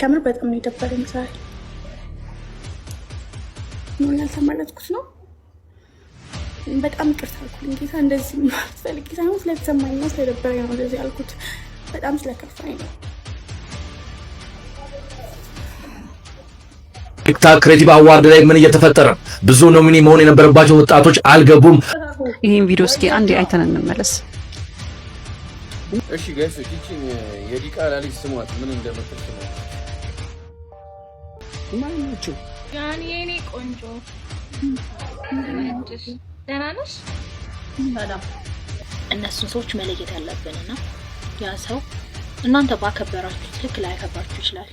ከምር በጣም ነው የደበረኝ ዛሬ። ነው ያልተመረጥኩት ነው። በጣም ይቅርታ አልኩልኝ ጌታ። እንደዚህ ማለት ፈልጌ ሳይሆን ስለተሰማኝ ነው፣ ስለደበረኝ ነው እንደዚህ ያልኩት። በጣም ስለከፋኝ ነው። ፒክታ ክሬቲቭ አዋርድ ላይ ምን እየተፈጠረ ብዙ ኖሚኒ መሆን የነበረባቸው ወጣቶች አልገቡም። ይህን ቪዲዮ እስኪ አንድ አይተን እንመለስ። እሺ ጋይስ እቺን የዲቃላ ልጅ ስሟት ምን እንደምትል ስሟት። ማነችው? ያኔ ቆንጆ ደህና ነሽ? እነሱን ሰዎች መለየት ያለብንና ያ ሰው እናንተ ባከበራችሁ ትክክል ላያከብራችሁ ይችላል።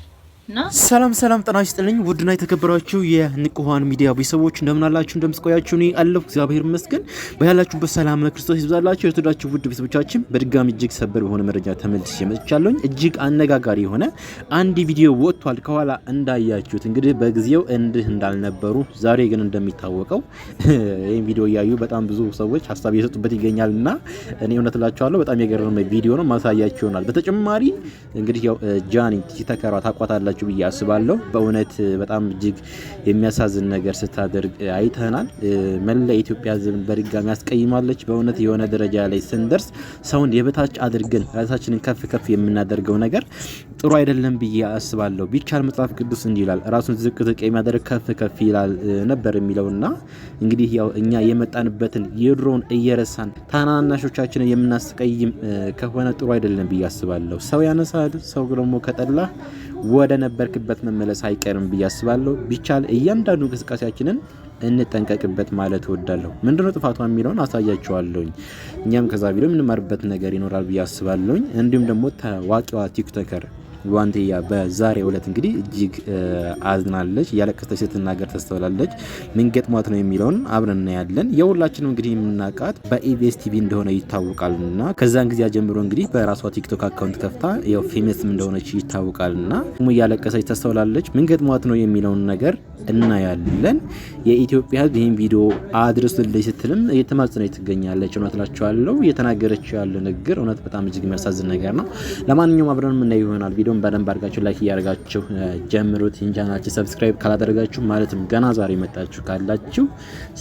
ሰላም ሰላም ጤና ይስጥልኝ ውድና የተከበራችሁ የንቁሃን ሚዲያ ቤተሰቦች እንደምን አላችሁ? እንደምስቆያችሁ እኔ አለሁ እግዚአብሔር ይመስገን። በያላችሁበት ሰላም ለክርስቶስ ይብዛላችሁ። የተወዳችሁ ውድ ቤተሰቦቻችን በድጋሚ እጅግ ሰበር በሆነ መረጃ ተመልሼ መጥቻለሁኝ። እጅግ አነጋጋሪ የሆነ አንድ ቪዲዮ ወጥቷል። ከኋላ እንዳያችሁት እንግዲህ በጊዜው እንድህ እንዳልነበሩ ዛሬ ግን እንደሚታወቀው ይህም ቪዲዮ እያዩ በጣም ብዙ ሰዎች ሀሳብ እየሰጡበት ይገኛል እና እኔ እውነት እላችኋለሁ በጣም የገረመ ቪዲዮ ነው። ማሳያችሁ ይሆናል። በተጨማሪ እንግዲህ ያው ጃኒ ሲተከራ ታቋታላችሁ ትችላላችሁ ብዬ አስባለሁ። በእውነት በጣም እጅግ የሚያሳዝን ነገር ስታደርግ አይተናል። መላ የኢትዮጵያ ሕዝብን በድጋሚ ያስቀይማለች። በእውነት የሆነ ደረጃ ላይ ስንደርስ ሰውን የበታች አድርገን ራሳችንን ከፍ ከፍ የምናደርገው ነገር ጥሩ አይደለም ብዬ አስባለሁ። ቢቻል መጽሐፍ ቅዱስ እንዲህ ይላል፣ ራሱን ዝቅ ዝቅ የሚያደርግ ከፍ ከፍ ይላል ነበር የሚለውና እንግዲህ ያው እኛ የመጣንበትን የድሮውን እየረሳን ታናናሾቻችንን የምናስቀይም ከሆነ ጥሩ አይደለም ብዬ አስባለሁ። ሰው ያነሳል። ሰው ደግሞ ከጠላ ወደ ነበርክበት መመለስ አይቀርም ብዬ አስባለሁ። ቢቻል እያንዳንዱ እንቅስቃሴያችንን እንጠንቀቅበት ማለት እወዳለሁ። ምንድነው ጥፋቷ የሚለውን አሳያችኋለሁኝ። እኛም ከዛ ቪዲዮ የምንማርበት ነገር ይኖራል ብዬ አስባለሁኝ። እንዲሁም ደግሞ ታዋቂዋ ቲክቶከር ሉዋንቴያ በዛሬው ዕለት እንግዲህ እጅግ አዝናለች፣ እያለቀሰች ስትናገር ተስተውላለች። ምን ገጥሟት ነው የሚለውን አብረን እናያለን። የሁላችንም እንግዲህ የምናውቃት በኢቢኤስ ቲቪ እንደሆነ ይታወቃል እና ከዛን ጊዜ ጀምሮ እንግዲህ በራሷ ቲክቶክ አካውንት ከፍታ ያው ፌመስም እንደሆነች ይታወቃል እና እያለቀሰች ተስተውላለች። ምን ገጥሟት ነው የሚለውን ነገር እናያለን። የኢትዮጵያ ሕዝብ ይህን ቪዲዮ አድርሱልኝ ስትልም እየተማጽነች ትገኛለች። እውነት እላቸዋለሁ እየተናገረችው ያለ ንግግር እውነት በጣም እጅግ የሚያሳዝን ነገር ነው። ለማንኛውም አብረን የምናየው ይሆናል ቪዲዮ ቪዲዮን በደንብ አድርጋችሁ ላይክ እያደርጋችሁ ጀምሩት። ቻናላችን ሰብስክራይብ ካላደረጋችሁ ማለትም ገና ዛሬ መጣችሁ ካላችሁ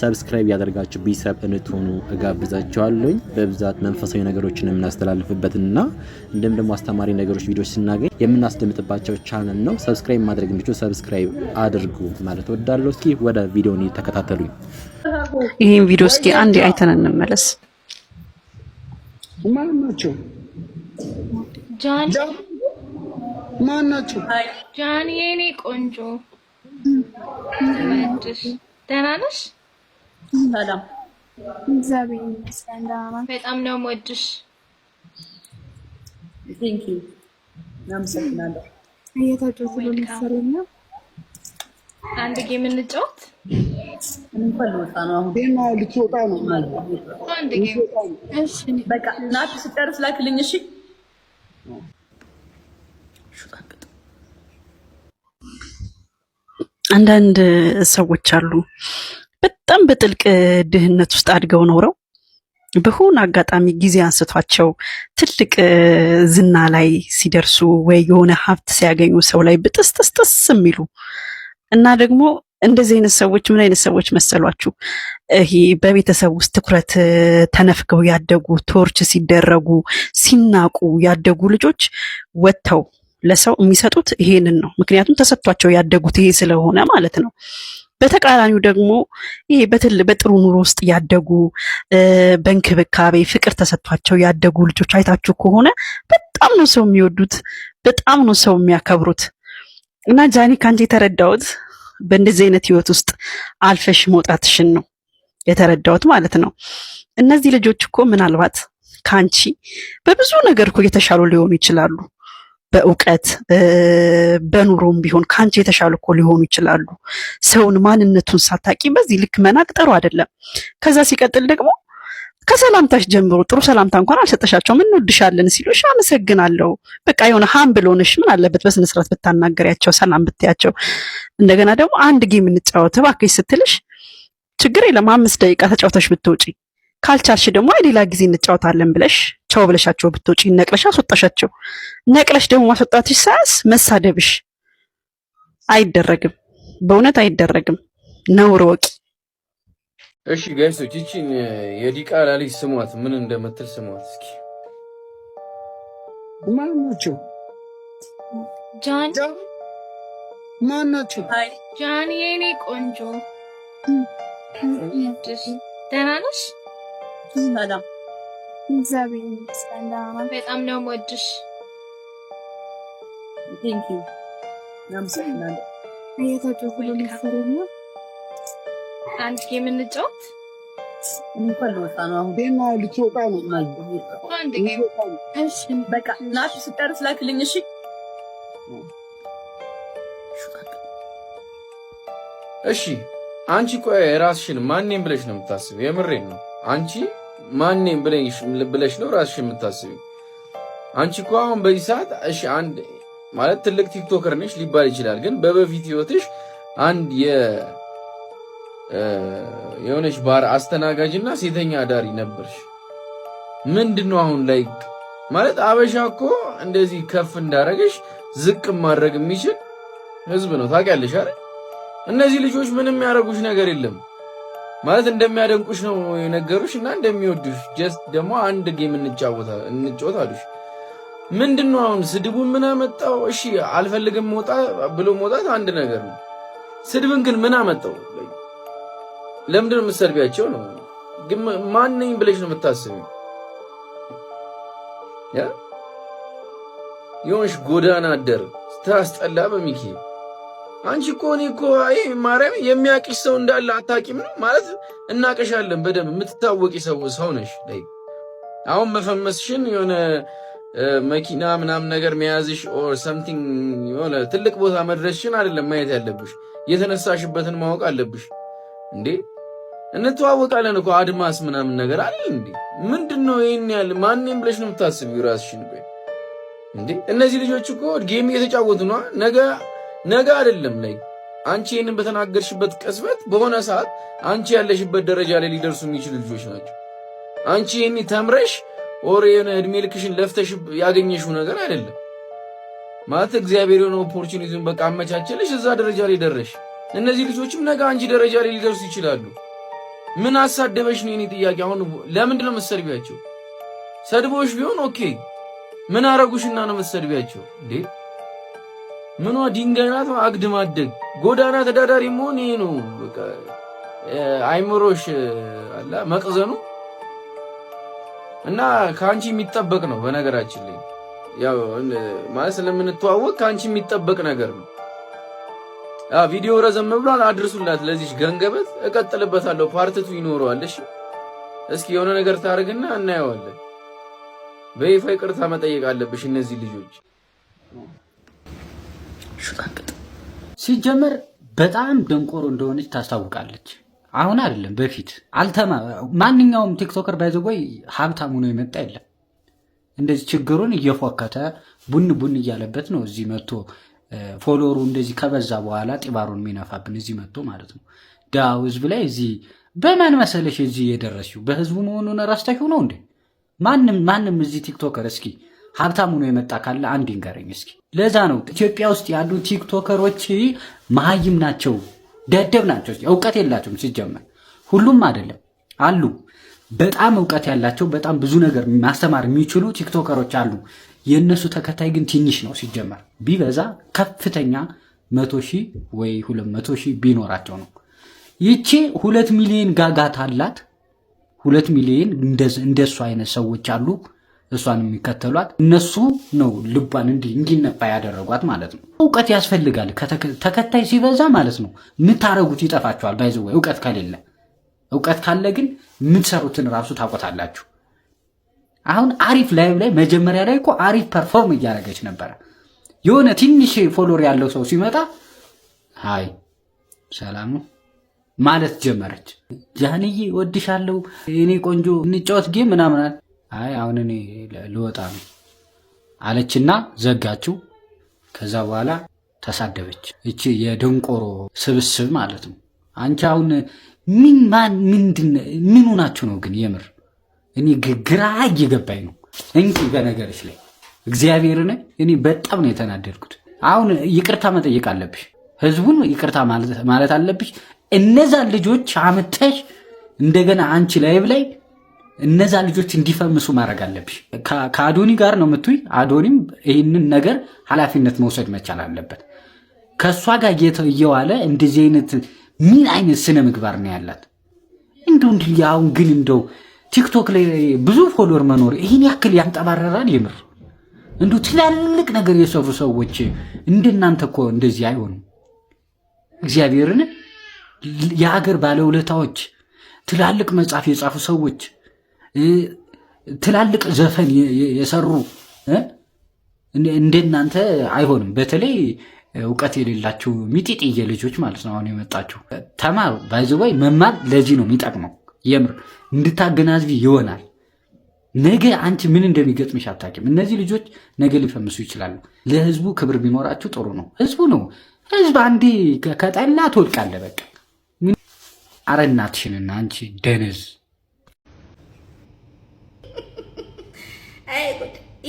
ሰብስክራይብ ያደርጋችሁ ቤተሰብ እንድትሆኑ እጋብዛችኋለሁኝ። በብዛት መንፈሳዊ ነገሮችን የምናስተላልፍበትና እንዲሁም ደግሞ አስተማሪ ነገሮች ቪዲዮች ስናገኝ የምናስደምጥባቸው ቻናል ነው። ሰብስክራይብ ማድረግ እንድችሉ ሰብስክራይብ አድርጉ ማለት ወዳለሁ። እስኪ ወደ ቪዲዮን ተከታተሉኝ። ይህን ቪዲዮ እስኪ አንድ አይተን እንመለስ። ማን ናቸው? ማን ናችሁ? ጃኒ የኔ ቆንጆ ደህና ነሽ? ሰላም እግዚአብሔር ይመስገን ደህና ናት። በጣም ነው የምወድሽ። ቴንክ ዩ አመሰግናለሁ። እየታጨው ስለሚሰለኝ ነው። አንድ ጌም እንጫወት። እንኳን ልወጣ ልትወጣ ነው ማለት ነው። በቃ ናት። ስጨርስ ላክልኝ እሺ አንዳንድ ሰዎች አሉ በጣም በጥልቅ ድህነት ውስጥ አድገው ኖረው በሆነ አጋጣሚ ጊዜ አንስቷቸው ትልቅ ዝና ላይ ሲደርሱ ወይ የሆነ ሀብት ሲያገኙ ሰው ላይ ብጥስጥስጥስ የሚሉ እና ደግሞ እንደዚህ አይነት ሰዎች ምን አይነት ሰዎች መሰሏችሁ? ይሄ በቤተሰብ ውስጥ ትኩረት ተነፍገው ያደጉ ቶርች ሲደረጉ ሲናቁ ያደጉ ልጆች ወጥተው ለሰው የሚሰጡት ይሄንን ነው። ምክንያቱም ተሰጥቷቸው ያደጉት ይሄ ስለሆነ ማለት ነው። በተቃራኒው ደግሞ ይሄ በጥሩ ኑሮ ውስጥ ያደጉ በእንክብካቤ ፍቅር ተሰጥቷቸው ያደጉ ልጆች አይታችሁ ከሆነ በጣም ነው ሰው የሚወዱት፣ በጣም ነው ሰው የሚያከብሩት። እና ጃኒ ከአንቺ የተረዳሁት በእንደዚህ አይነት ህይወት ውስጥ አልፈሽ መውጣትሽን ነው የተረዳሁት ማለት ነው። እነዚህ ልጆች እኮ ምናልባት ከአንቺ በብዙ ነገር እኮ የተሻሉ ሊሆኑ ይችላሉ። በእውቀት በኑሮም ቢሆን ከአንቺ የተሻሉ እኮ ሊሆኑ ይችላሉ። ሰውን ማንነቱን ሳታቂ በዚህ ልክ መናቅ ጥሩ አይደለም። ከዛ ሲቀጥል ደግሞ ከሰላምታሽ ጀምሮ ጥሩ ሰላምታ እንኳን አልሰጠሻቸውም። እንወድሻለን ሲሉሽ አመሰግናለሁ፣ በቃ የሆነ ሀም ሆነሽ ምን አለበት በስነ ስርዓት ብታናገሪያቸው፣ ሰላም ብትያቸው። እንደገና ደግሞ አንድ ጌም እንጫወት እባክሽ ስትልሽ ችግር የለም አምስት ደቂቃ ተጫውተሽ ብትውጪ ካልቻልሽ ደግሞ ሌላ ጊዜ እንጫወታለን ብለሽ ቻው ብለሻቸው ብትወጪ ነቅለሽ አስወጣሻቸው። ነቅለሽ ደግሞ ማስወጣትሽ ሳያስ መሳደብሽ አይደረግም፣ በእውነት አይደረግም። ነውር ወቂ። እሺ ጋይሶች፣ ይቺን የዲቃላ ልጅ ስሟት፣ ምን እንደምትል ስሟት እስኪ። ማናቸው ማናቸው? ጃን የኔ ቆንጆ ደህና ነሽ? ሰላም እግዚአብሔር ይመስገን። በጣም ነው የምወድሽ። አንድ ጌም እንጫወት። ስጨርስ ላክልኝ እሺ። እሺ አንቺ ቆይ፣ ራስሽን ማንም ብለሽ ነው የምታስብ? የምሬን ነው አንቺ ማንም ብለሽ ነው ራስሽ የምታስቢ። አንቺ እኮ አሁን በዚህ ሰዓት እሺ፣ አንድ ማለት ትልቅ ቲክቶከር ነሽ ሊባል ይችላል። ግን በበፊት ህይወትሽ አንድ የሆነች ባር አስተናጋጅና ሴተኛ አዳሪ ነበርሽ። ምንድን ነው አሁን ላይ ማለት አበሻ እኮ እንደዚህ ከፍ እንዳረገሽ ዝቅ ማድረግ የሚችል ህዝብ ነው። ታውቂያለሽ አይደል? እነዚህ ልጆች ምንም ያደረጉሽ ነገር የለም። ማለት እንደሚያደንቁሽ ነው የነገሩሽ እና እንደሚወዱሽ ጀስት ደግሞ አንድ ጌም እንጫወታ እንጫወት አሉሽ። ምንድን ነው አሁን ስድቡ ምን አመጣው? እሺ አልፈልግም ሞጣ ብሎ መውጣት አንድ ነገር ነው። ስድብን ግን ምን አመጣው? ለምንድን ነው የምትሰድቢያቸው? ነው ግን ማን ነኝ ብለሽ ነው የምታስብ? የሆንሽ ጎዳና አደር ስታስጠላ በሚኪ አንቺ እኮ እኔ እኮ ይሄ ማርያም የሚያቅሽ ሰው እንዳለ አታቂም ነው ማለት እናቀሻለን በደንብ የምትታወቂ ሰው ሰው ነሽ። አሁን መፈመስሽን የሆነ መኪና ምናምን ነገር መያዝሽ ኦር ሰምቲንግ የሆነ ትልቅ ቦታ መድረስሽን አይደለም ማየት ያለብሽ፣ የተነሳሽበትን ማወቅ አለብሽ። እንዴ እንተዋወቃለን እኮ አድማስ ምናምን ነገር አለ እንዴ ምንድን ነው ይህን ያለ ማንም ብለሽ ነው የምታስቢው ራስሽን። እንዴ እነዚህ ልጆች እኮ ጌም እየተጫወቱ ነዋ ነገ ነገ አይደለም ላይ አንቺ ይህንን በተናገርሽበት ቅጽበት በሆነ ሰዓት አንቺ ያለሽበት ደረጃ ላይ ሊደርሱ የሚችሉ ልጆች ናቸው። አንቺ ይህን ተምረሽ ኦር የሆነ እድሜ ልክሽን ለፍተሽ ያገኘሽው ነገር አይደለም ማለት እግዚአብሔር የሆነ ኦፖርቹኒቲውን በቃ አመቻቸልሽ፣ እዛ ደረጃ ላይ ደረሽ። እነዚህ ልጆችም ነገ አንቺ ደረጃ ላይ ሊደርሱ ይችላሉ። ምን አሳደበሽ ነው የኔ ጥያቄ። አሁን ለምንድን ነው መሰድቢያቸው? ሰድቦሽ ቢሆን ኦኬ፣ ምን አረጉሽና ነው መሰድቢያቸው? እንዴ? ምኗ ድንጋይ ናት? አግድ ማደግ ጎዳና ተዳዳሪ መሆን ይሄ ነው በቃ አይምሮሽ አለ መቅዘኑ እና ከአንቺ የሚጠበቅ ነው። በነገራችን ላይ ያው ማለት ስለምንተዋወቅ ከአንቺ የሚጠበቅ ነገር ነው። ቪዲዮ ረዘም ብሏል፣ አድርሱላት ለዚች ገንገበት። እቀጥልበታለሁ፣ ፓርትቱ ይኖረዋል። እሺ እስኪ የሆነ ነገር ታደርግና እናየዋለን። በይፋ ይቅርታ መጠየቅ አለብሽ እነዚህ ልጆች ሹቃቅጥ ሲጀመር በጣም ደንቆሮ እንደሆነች ታስታውቃለች። አሁን አይደለም በፊት አልተማ ማንኛውም ቲክቶከር ባይዘጎይ ሀብታም ሆኖ የመጣ የለም። እንደዚህ ችግሩን እየፎከተ ቡን ቡን እያለበት ነው እዚህ መጥቶ ፎሎሩ እንደዚህ ከበዛ በኋላ ጢባሩን የሚነፋብን እዚህ መጥቶ ማለት ነው። ዳው ህዝብ ላይ እዚህ በማን መሰለሽ እዚህ የደረስሽው በህዝቡ መሆኑን ረስተሽው ነው እንዴ? ማንም ማንም እዚህ ቲክቶከር እስኪ ሀብታም ሆኖ የመጣ ካለ አንድ ይንገረኝ እስኪ። ለዛ ነው ኢትዮጵያ ውስጥ ያሉ ቲክቶከሮች መሀይም ናቸው፣ ደደብ ናቸው፣ እውቀት የላቸውም። ሲጀመር ሁሉም አይደለም አሉ፣ በጣም እውቀት ያላቸው በጣም ብዙ ነገር ማስተማር የሚችሉ ቲክቶከሮች አሉ። የእነሱ ተከታይ ግን ትንሽ ነው። ሲጀመር ቢበዛ ከፍተኛ መቶ ሺህ ወይ ሁለት መቶ ሺህ ቢኖራቸው ነው። ይቺ ሁለት ሚሊዮን ጋጋት አላት። ሁለት ሚሊዮን እንደሱ አይነት ሰዎች አሉ። እሷን የሚከተሏት እነሱ ነው ልቧን እንዲህ እንዲነፋ ያደረጓት ማለት ነው። እውቀት ያስፈልጋል። ተከታይ ሲበዛ ማለት ነው የምታረጉት ይጠፋቸዋል። ወይ እውቀት ከሌለ እውቀት ካለ ግን የምትሰሩትን ራሱ ታቆታላችሁ። አሁን አሪፍ ላይ ላይ መጀመሪያ ላይ እኮ አሪፍ ፐርፎርም እያደረገች ነበረ። የሆነ ትንሽ ፎሎር ያለው ሰው ሲመጣ ሀይ ሰላሙ ማለት ጀመረች። ጃንዬ ወድሻለሁ፣ እኔ ቆንጆ እንጫወት ጌም ምናምናል አይ አሁን እኔ ልወጣ ነው አለችና ዘጋችው። ከዛ በኋላ ተሳደበች። እቺ የደንቆሮ ስብስብ ማለት ነው። አንቺ አሁን ምን ማን ምንድን ምኑ ናችሁ ነው ግን? የምር እኔ ግራ እየገባኝ ነው እንጂ በነገርሽ ላይ እግዚአብሔርን እኔ በጣም ነው የተናደድኩት። አሁን ይቅርታ መጠየቅ አለብሽ፣ ህዝቡን ይቅርታ ማለት አለብሽ። እነዛን ልጆች አምተሽ እንደገና አንቺ ላይብ ላይ እነዛ ልጆች እንዲፈምሱ ማድረግ አለብሽ። ከአዶኒ ጋር ነው የምትይ። አዶኒም ይህንን ነገር ኃላፊነት መውሰድ መቻል አለበት። ከእሷ ጋር እየዋለ እንደዚህ አይነት ምን አይነት ስነ ምግባር ነው ያላት? እንደው እንዲ አሁን ግን እንደው ቲክቶክ ላይ ብዙ ፎሎወር መኖር ይህን ያክል ያንጠባረራል? የምር እንዱ ትላልቅ ነገር የሰሩ ሰዎች እንደናንተ እኮ እንደዚህ አይሆኑም። እግዚአብሔርን የሀገር ባለውለታዎች፣ ትላልቅ መጽሐፍ የጻፉ ሰዎች ትላልቅ ዘፈን የሰሩ እንደናንተ አይሆንም። በተለይ እውቀት የሌላችሁ ሚጢጥዬ ልጆች ማለት ነው። አሁን የመጣችሁ ተማሩ። ባይዘባይ መማር ለዚህ ነው የሚጠቅመው። የምር እንድታገናዝቢ ይሆናል። ነገ አንቺ ምን እንደሚገጥምሽ አታውቂም። እነዚህ ልጆች ነገ ሊፈምሱ ይችላሉ። ለህዝቡ ክብር ቢኖራችሁ ጥሩ ነው። ህዝቡ ነው ህዝብ አንዴ ከጠላ ትወድቃለህ። በቃ ኧረ እናትሽንና አንቺ ደነዝ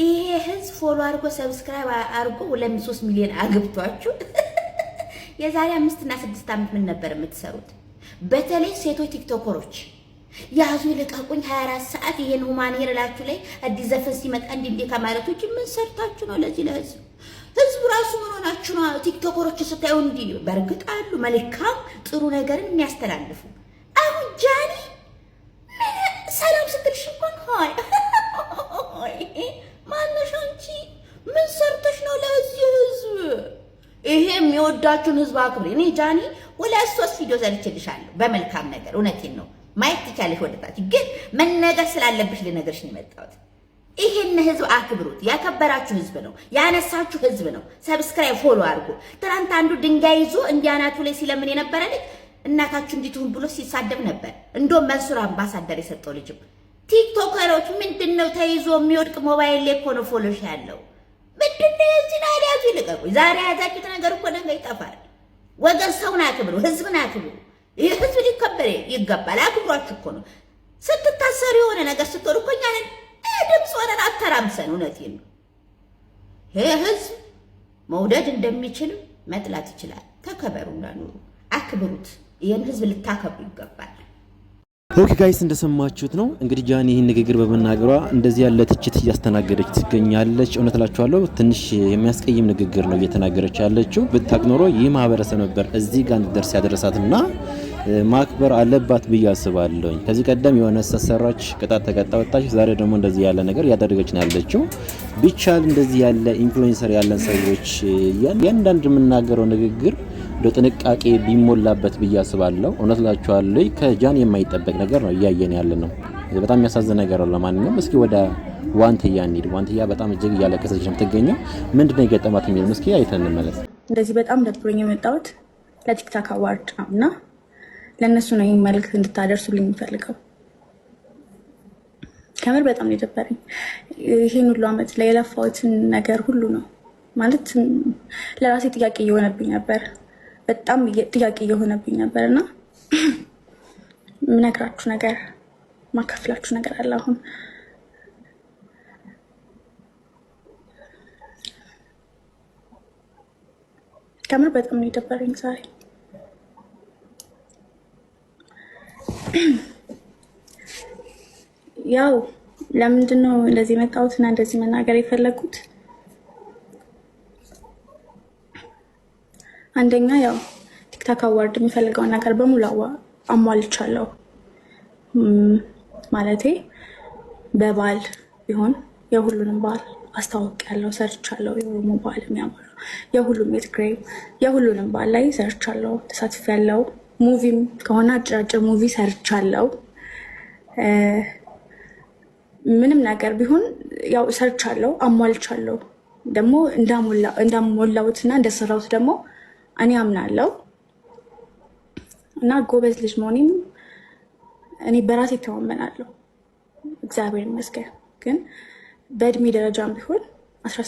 ይሄ ህዝብ ፎሎ አድርጎ ሰብስክራይብ አድርጎ ሁለት ሶስት ሚሊዮን አግብቷችሁ የዛሬ አምስት እና ስድስት ዓመት ምን ነበር የምትሰሩት? በተለይ ሴቶች ቲክቶከሮች ያዙ ይልቀቁኝ 24 ሰዓት ይሄን ሁማን ይረላችሁ ላይ አዲስ ዘፈን ሲመጣ እንዲህ እንዲህ ከማለት ውጭ ምን ሰርታችሁ ነው ለዚህ ለህዝብ ህዝቡ ራሱ ምን ሆናችሁ ነው? ቲክቶከሮች ስታዩ እንዲህ በእርግጥ አሉ መልካም ጥሩ ነገርን የሚያስተላልፉ። አሁን ጃኒ ሰላም ስትልሽ እንኳን ሆይ ይሄ የሚወዳችሁን ህዝብ አክብሪ። እኔ ጃኒ ሁለት ሶስት ቪዲዮ ዘልችልሻለሁ በመልካም ነገር። እውነቴን ነው ማየት ትቻለሽ ወደታች፣ ግን መነገር ስላለብሽ ልነግርሽ ነው የመጣሁት። ይህን ህዝብ አክብሩት። ያከበራችሁ ህዝብ ነው፣ ያነሳችሁ ህዝብ ነው። ሰብስክራይብ፣ ፎሎ አድርጉ። ትናንት አንዱ ድንጋይ ይዞ እንዲያናቱ ላይ ሲለምን የነበረ ልጅ እናታችሁ እንዲትሁን ብሎ ሲሳደብ ነበር። እንደውም መንሱር አምባሳደር የሰጠው ልጅም ቲክቶከሮች ምንድን ነው ተይዞ የሚወድቅ ሞባይል ላይ እኮ ነው ፎሎሽ ያለው ምንድነው የዚህን ኃይል ያዙ ዛሬ የያዛችሁት ነገር እኮ ነገ ይጠፋል። ወገን ሰውን አክብሩ፣ ህዝብን አክብሩ። ይህ ህዝብ ሊከበር ይገባል። አክብሯችሁ እኮ ነው ስትታሰሩ የሆነ ነገር ስትሆኑ እኮ እኛንን ድምፅ ሆነን አተራምሰን። እውነቴን ነው። ይህ ህዝብ መውደድ እንደሚችል መጥላት ይችላል። ተከበሩ፣ ኑሩ፣ አክብሩት። ይህን ህዝብ ልታከብሩ ይገባል። ኦኬ ጋይስ እንደሰማችሁት ነው እንግዲህ ጃኒ ይህን ንግግር በመናገሯ እንደዚህ ያለ ትችት እያስተናገደች ትገኛለች። እውነት ላችኋለሁ ትንሽ የሚያስቀይም ንግግር ነው እየተናገረች ያለችው። ብታቅ ኖሮ ይህ ማህበረሰብ ነበር እዚህ ጋር እንድትደርስ ያደረሳት እና ማክበር አለባት ብዬ አስባለሁኝ። ከዚህ ቀደም የሆነ ሰሰራች ቅጣት ተቀጣ ወጣች። ዛሬ ደግሞ እንደዚህ ያለ ነገር እያደረገች ነው ያለችው። ቢቻል እንደዚህ ያለ ኢንፍሉዌንሰር ያለን ሰዎች እያንዳንድ የምናገረው ንግግር በጥንቃቄ ቢሞላበት ብዬ አስባለሁ። እውነት ላችኋለሁ፣ ከጃን የማይጠበቅ ነገር ነው እያየን ያለ ነው። በጣም የሚያሳዝን ነገር ነው። ለማንኛውም እስኪ ወደ ዋንትያ እንሂድ። ዋንትያ በጣም እጅግ እያለቀሰች ነው የምትገኘው። ምንድነው የገጠማት የሚለውን እስኪ አይተን እንመለስ። እንደዚህ በጣም ደብሮኝ የመጣሁት ለቲክታክ አዋርድ ነው እና ለእነሱ ነው ይህን መልክት እንድታደርሱልኝ የሚፈልገው። ከምር በጣም ነው የደበረኝ። ይህን ሁሉ አመት ላይ የለፋሁትን ነገር ሁሉ ነው ማለት ለራሴ ጥያቄ እየሆነብኝ ነበር። በጣም ጥያቄ እየሆነብኝ ነበር እና ምነግራችሁ ነገር ማካፍላችሁ ነገር አለ አሁን ከምር በጣም ነው የደበረኝ ዛሬ። ያው ለምንድን ነው እንደዚህ መጣሁትና እንደዚህ መናገር የፈለጉት? አንደኛ ያው ቲክታክ አዋርድ የሚፈልገውን ነገር በሙሉ አሟልቻለሁ። ማለቴ በበዓል ቢሆን የሁሉንም በዓል አስታውቂያለሁ፣ ሰርቻለሁ። የኦሮሞ ባል የሚያምር የሁሉም የትግራይ የሁሉንም ባል ላይ ሰርቻለሁ፣ ያለው ሙቪም ከሆነ አጭራጭር ሙቪ ሙቪ ሰርቻለሁ። ምንም ነገር ቢሆን ያው ሰርቻለሁ፣ አሟልቻለሁ። ደግሞ እንዳሞላውትና እንደሰራውት ደግሞ እኔ አምናለው እና ጎበዝ ልጅ መሆኔም እኔ በራሴ ተማመናለሁ እግዚአብሔር ይመስገን። ግን በእድሜ ደረጃም ቢሆን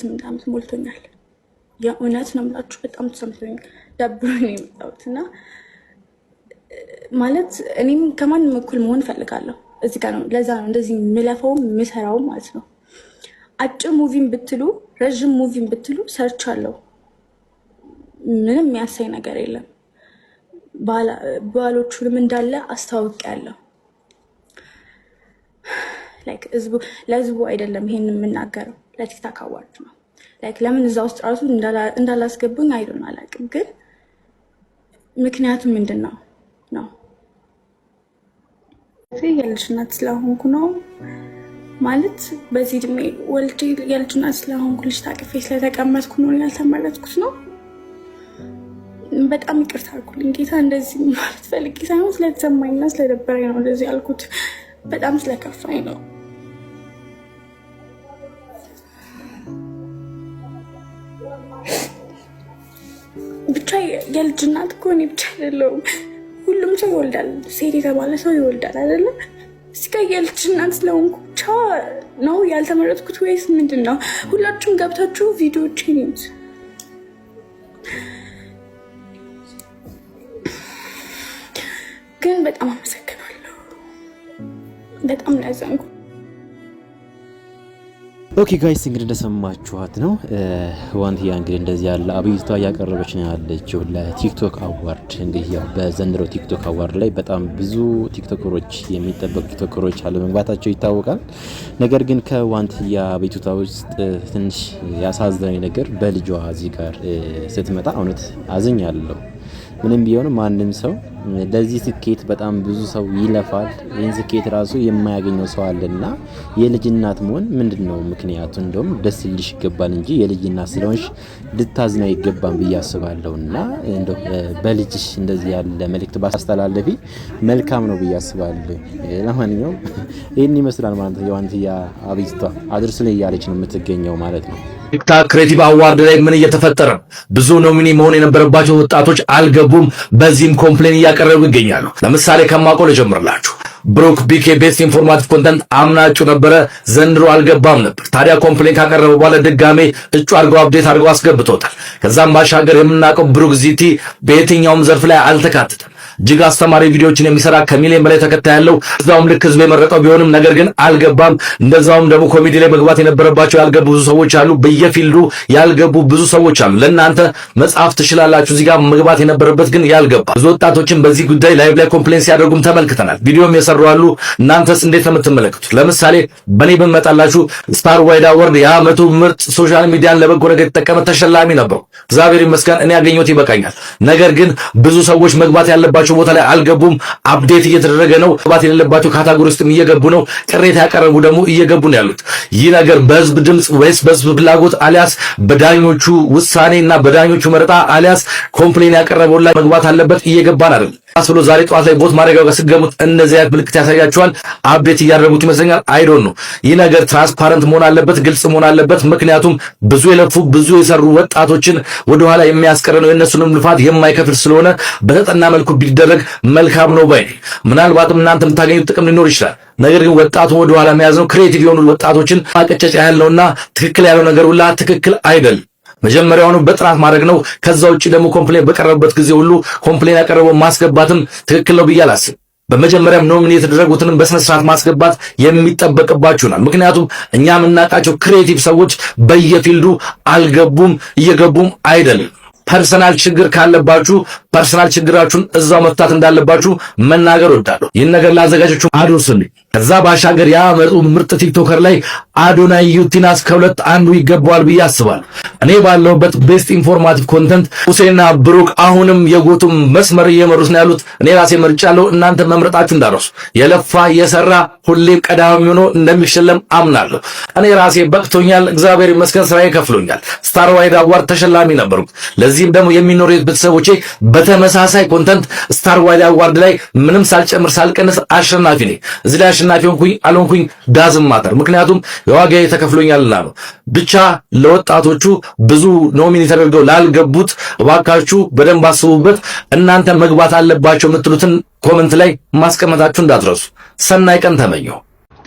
ስምንት ዓመት ሞልቶኛል። የእውነት ነው የምላችሁ። በጣም ተሰምቶኝ ደብሮኝ ነው የመጣሁት እና ማለት እኔም ከማንም እኩል መሆን እፈልጋለሁ። እዚህ ጋር ነው ለዛ ነው እንደዚህ የምለፈውም የምሰራውም ማለት ነው። አጭር ሙቪን ብትሉ ረዥም ሙቪን ብትሉ ሰርቻለሁ ምንም የሚያሳይ ነገር የለም። ባሎቹንም እንዳለ ያለው ለህዝቡ አይደለም ይሄን የምናገረው ለቲክታክ አዋርድ ነው። ለምን እዛ ውስጥ ራሱ እንዳላስገቡኝ አይሉን አላውቅም። ግን ምክንያቱም ምንድን ነው ነው የልጅ እናት ስለሆንኩ ነው ማለት በዚህ እድሜ ወልጄ የልጅ እናት ስለሆንኩ ልጅ ታቅፌ ስለተቀመጥኩ ነው ያልተመረጥኩት ነው በጣም ይቅርታ አልኩልኝ ጌታ። እንደዚህ ማለት ፈልጌ ሳይሆን ስለተሰማኝና ስለደበረኝ ነው እንደዚህ አልኩት። በጣም ስለከፋኝ ነው። ብቻ የልጅ እናት እኮ እኔ ብቻ አይደለሁም። ሁሉም ሰው ይወልዳል። ሴት የተባለ ሰው ይወልዳል አይደለም። እስኪ የልጅ እናት ስለሆንኩ ብቻ ነው ያልተመረጥኩት ወይስ ምንድን ነው? ሁላችሁም ገብታችሁ ቪዲዮዎችን ይዩት። ግን በጣም አመሰግናለሁ። በጣም ላዘንኩ ኦኬ ጋይስ እንግዲህ እንደሰማችኋት ነው ዋንትያ እንግዲህ እንደዚህ ያለ አብይቷ እያቀረበች ነው ያለችው ለቲክቶክ አዋርድ። እንግዲህ ያው በዘንድሮ ቲክቶክ አዋርድ ላይ በጣም ብዙ ቲክቶከሮች የሚጠበቁ ቲክቶከሮች አለ መግባታቸው ይታወቃል። ነገር ግን ከዋንትያ አብይቷ ውስጥ ትንሽ ያሳዘነኝ ነገር በልጇ እዚህ ጋር ስትመጣ እውነት አዝኛለሁ። ምንም ቢሆን ማንም ሰው ለዚህ ስኬት በጣም ብዙ ሰው ይለፋል። ይህን ስኬት ራሱ የማያገኘው ሰው አለና የልጅ እናት መሆን ምንድን ነው ምክንያቱ? እንደውም ደስ ልሽ ይገባል እንጂ የልጅ እናት ስለሆንሽ ልታዝና ይገባም ብዬ አስባለሁ። እና በልጅሽ እንደዚህ ያለ መልእክት ባስተላለፊ መልካም ነው ብዬ አስባለሁ። ለማንኛውም ይህን ይመስላል ማለት ነው። የዋንትያ አብይቷ አድርስ ላይ እያለች ነው የምትገኘው ማለት ነው። ቲክታክ ክሬቲቭ አዋርድ ላይ ምን እየተፈጠረ ብዙ ኖሚኒ መሆን የነበረባቸው ወጣቶች አልገቡም። በዚህም ኮምፕሌን እያቀረቡ ይገኛሉ። ለምሳሌ ከማቆል ጀምርላችሁ ብሩክ ቢኬ ቤስት ኢንፎርማቲቭ ኮንተንት አምናጩ ነበረ፣ ዘንድሮ አልገባም ነበር። ታዲያ ኮምፕሌን ካቀረበ በኋላ ድጋሜ እጩ አድርገው አፕዴት አድርገው አስገብቶታል። ከዛም ባሻገር የምናውቀው ብሩክ ዚቲ በየትኛውም ዘርፍ ላይ አልተካተተም። እጅግ አስተማሪ ቪዲዮዎችን የሚሰራ ከሚሊዮን በላይ ተከታይ ያለው እዛውም ልክ ህዝብ የመረጠው ቢሆንም ነገር ግን አልገባም። እንደዛውም ደግሞ ኮሜዲ ላይ መግባት የነበረባቸው ያልገቡ ብዙ ሰዎች አሉ። በየፊልዱ ያልገቡ ብዙ ሰዎች አሉ። ለእናንተ መጽሐፍ ትችላላችሁ። እዚህ ጋር መግባት የነበረበት ግን ያልገባ ብዙ ወጣቶችን በዚህ ጉዳይ ላይቭ ላይ ኮምፕሌንስ ሲያደርጉም ተመልክተናል። ቪዲዮም የሰሩ አሉ። እናንተስ እንዴት ነው የምትመለከቱት? ለምሳሌ በእኔ ብንመጣላችሁ ስታር ዋይድ አወርድ የዓመቱ ምርጥ ሶሻል ሚዲያን ለበጎ ነገር የተጠቀመ ተሸላሚ ነበሩ። እግዚአብሔር ይመስገን እኔ ያገኘሁት ይበቃኛል። ነገር ግን ብዙ ሰዎች መግባት ያለባቸው ያለባቸው ቦታ ላይ አልገቡም። አፕዴት እየተደረገ ነው። ባት የሌለባቸው ካታጎሪ ውስጥም እየገቡ ነው። ቅሬታ ያቀረቡ ደግሞ እየገቡ ነው ያሉት። ይህ ነገር በህዝብ ድምፅ ወይስ በህዝብ ፍላጎት አሊያስ በዳኞቹ ውሳኔ እና በዳኞቹ መረጣ አሊያስ ኮምፕሌን ያቀረበውን ላይ መግባት አለበት። እየገባን አይደለም። ራስ ብሎ ዛሬ ጠዋት ላይ ቦት ማድረጊያው ጋር ስገሙት እንደዚህ አይነት ምልክት ያሳያቸዋል። አፕዴት እያደረጉት ይመስለኛል። አይዶን ነው ይህ ነገር ትራንስፓረንት መሆን አለበት፣ ግልጽ መሆን አለበት። ምክንያቱም ብዙ የለፉ ብዙ የሰሩ ወጣቶችን ወደኋላ የሚያስቀር ነው። የእነሱንም ልፋት የማይከፍል ስለሆነ በተጠና መልኩ ቢደረግ መልካም ነው ባይ ምናልባትም እናንተ የምታገኙት ጥቅም ሊኖር ይችላል። ነገር ግን ወጣቱ ወደኋላ መያዝ ነው። ክሬቲቭ የሆኑ ወጣቶችን ማቀጨጫ ያለውና ትክክል ያለው ነገር ሁላ ትክክል አይደል መጀመሪያውኑ በጥራት ማድረግ ነው። ከዛ ውጭ ደግሞ ኮምፕሌን በቀረበበት ጊዜ ሁሉ ኮምፕሌን ያቀረበው ማስገባትም ትክክል ነው ብዬ አላስብም። በመጀመሪያም ኖሚኔት የተደረጉትንም በስነ ስርዓት ማስገባት የሚጠበቅባችሁናል። ምክንያቱም እኛ የምናውቃቸው ክሬቲቭ ሰዎች በየፊልዱ አልገቡም፣ እየገቡም አይደለም። ፐርሰናል ችግር ካለባችሁ ፐርሰናል ችግራችሁን እዛው መፍታት እንዳለባችሁ መናገር ወዳለሁ። ይህን ነገር ላዘጋጆቹ አድርስልኝ። ከዛ ባሻገር ያመጡ ምርጥ ቲክቶከር ላይ አዶናይ ዩቲናስ ከሁለት አንዱ ይገባዋል ብዬ አስባለሁ። እኔ ባለሁበት ቤስት ኢንፎርማቲቭ ኮንተንት ሁሴንና ብሩክ አሁንም የጎቱም መስመር እየመሩት ነው ያሉት። እኔ ራሴ መርጫለሁ፣ እናንተ መምረጣችሁ እንዳረሱ። የለፋ የሰራ ሁሌም ቀዳሚ ሆኖ እንደሚሸለም አምናለሁ። እኔ ራሴ በቅቶኛል፣ እግዚአብሔር ይመስገን፣ ስራዬ ከፍሎኛል። ስታር ዋይድ አዋርድ ተሸላሚ ነበርኩ። ለዚህም ደግሞ የሚኖሩት ቤተሰቦቼ በተመሳሳይ ኮንተንት ስታር ዋይድ አዋርድ ላይ ምንም ሳልጨምር ሳልቀንስ አሸናፊ ነኝ። እዚህ ላይ አሸናፊ ሆንኩኝ አልሆንኩኝ ዳዝም ማተር፣ ምክንያቱም የዋጋ ተከፍሎኛልና ነው። ብቻ ለወጣቶቹ ብዙ ኖሚኒ ተደርገው ላልገቡት እባካችሁ በደንብ አስቡበት። እናንተ መግባት አለባቸው የምትሉትን ኮመንት ላይ ማስቀመጣችሁ እንዳትረሱ። ሰናይ ቀን ተመኘው።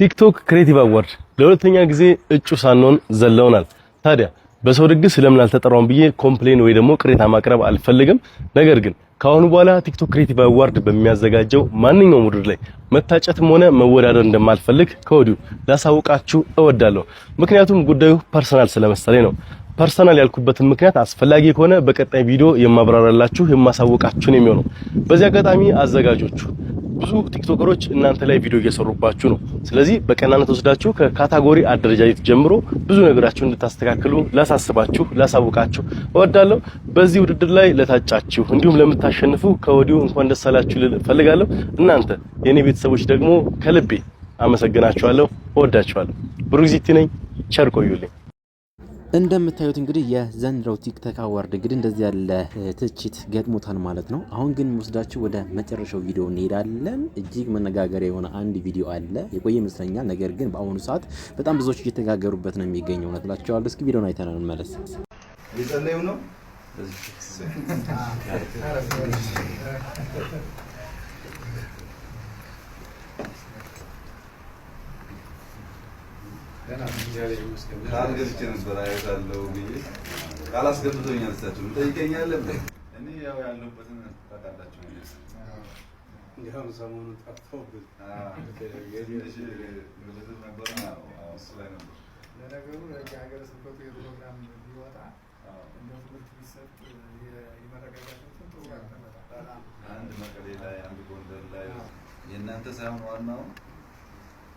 ቲክቶክ ክሬቲቭ አዋርድ ለሁለተኛ ጊዜ እጩ ሳንሆን ዘለውናል። ታዲያ በሰው ድግስ ስለምን አልተጠራውም ብዬ ኮምፕሌን ወይ ደግሞ ቅሬታ ማቅረብ አልፈልግም። ነገር ግን ከአሁኑ በኋላ ቲክቶክ ክሬቲቭ አዋርድ በሚያዘጋጀው ማንኛውም ውድድር ላይ መታጨትም ሆነ መወዳደር እንደማልፈልግ ከወዲሁ ላሳውቃችሁ እወዳለሁ። ምክንያቱም ጉዳዩ ፐርሰናል ስለመሰለኝ ነው። ፐርሰናል ያልኩበትን ምክንያት አስፈላጊ ከሆነ በቀጣይ ቪዲዮ የማብራራላችሁ የማሳውቃችሁ ነው የሚሆነው። በዚህ አጋጣሚ አዘጋጆቹ ብዙ ቲክቶከሮች እናንተ ላይ ቪዲዮ እየሰሩባችሁ ነው። ስለዚህ በቀናነት ወስዳችሁ ከካታጎሪ አደረጃጀት ጀምሮ ብዙ ነገራችሁ እንድታስተካክሉ ላሳስባችሁ፣ ላሳውቃችሁ እወዳለሁ። በዚህ ውድድር ላይ ለታጫችሁ እንዲሁም ለምታሸንፉ ከወዲሁ እንኳን ደስ አላችሁ ልል እፈልጋለሁ። እናንተ የእኔ ቤተሰቦች ደግሞ ከልቤ አመሰግናችኋለሁ፣ እወዳችኋለሁ። ብሩክ ዚቲ ነኝ። ቸር ቆዩልኝ። እንደምታዩት እንግዲህ የዘንድሮው ቲክቶክ አዋርድ እንግዲህ እንደዚህ ያለ ትችት ገጥሞታል ማለት ነው። አሁን ግን ወስዳችሁ ወደ መጨረሻው ቪዲዮ እንሄዳለን። እጅግ መነጋገሪያ የሆነ አንድ ቪዲዮ አለ የቆየ ይመስለኛል። ነገር ግን በአሁኑ ሰዓት በጣም ብዙዎች እየተጋገሩበት ነው የሚገኘው። እውነት እላቸዋለሁ። እስኪ ቪዲዮን አይተን እንመለስ። ነው ቃል ገብቼ ነበር ብዬ ቃል አስገብቶኛል። እሳቸው እንጠይቀኛለን። እኔ ያው ያለሁበትን ታውቃላችሁ። እንዲያውም ሰሞኑን ጠፍቶብን ነበር እሱ ላይ ነበር። ለነገሩ የሀገረ ስብከቱ የፕሮግራም ቢወጣ እንደ ትምህርት ቢሰጥ የመረጋጋትን ጥሩ ያጠመጣል። አንድ መቀሌ ላይ፣ አንድ ጎንደር ላይ የእናንተ ሳይሆን ዋናው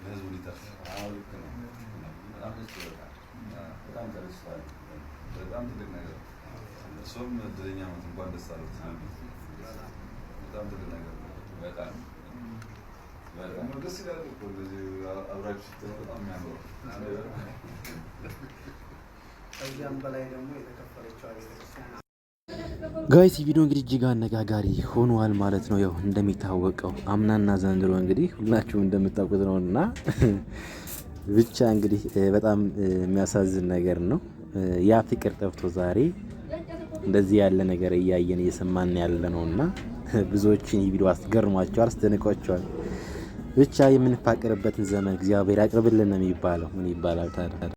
ለህዝቡ ሊጠፍ አሁን ልክ ነው። በጣም ደስ በጣም ተደስቷል። በጣም ትልቅ ነገር እሱም ዓመት እንኳን ደስ አለት። በጣም ትልቅ ነገር በጣም ደስ ይላል እኮ እንደዚህ አብራችሁ በጣም የሚያምረው በላይ ደግሞ የተከፈለችው ቤተክርስቲያን ጋይስ ቪዲዮ እንግዲህ እጅግ አነጋጋሪ ሆኗል ማለት ነው። ያው እንደሚታወቀው አምናና ዘንድሮ እንግዲህ ሁላችሁ እንደምታውቁት ነውና ብቻ እንግዲህ በጣም የሚያሳዝን ነገር ነው። ያ ፍቅር ጠፍቶ ዛሬ እንደዚህ ያለ ነገር እያየን እየሰማን ያለ ነው እና ብዙዎችን ቪዲዮ አስገርሟቸዋል፣ አስደንቋቸዋል። ብቻ የምንፋቅርበትን ዘመን እግዚአብሔር አቅርብልን ነው የሚባለው። ምን ይባላል ታዲያ?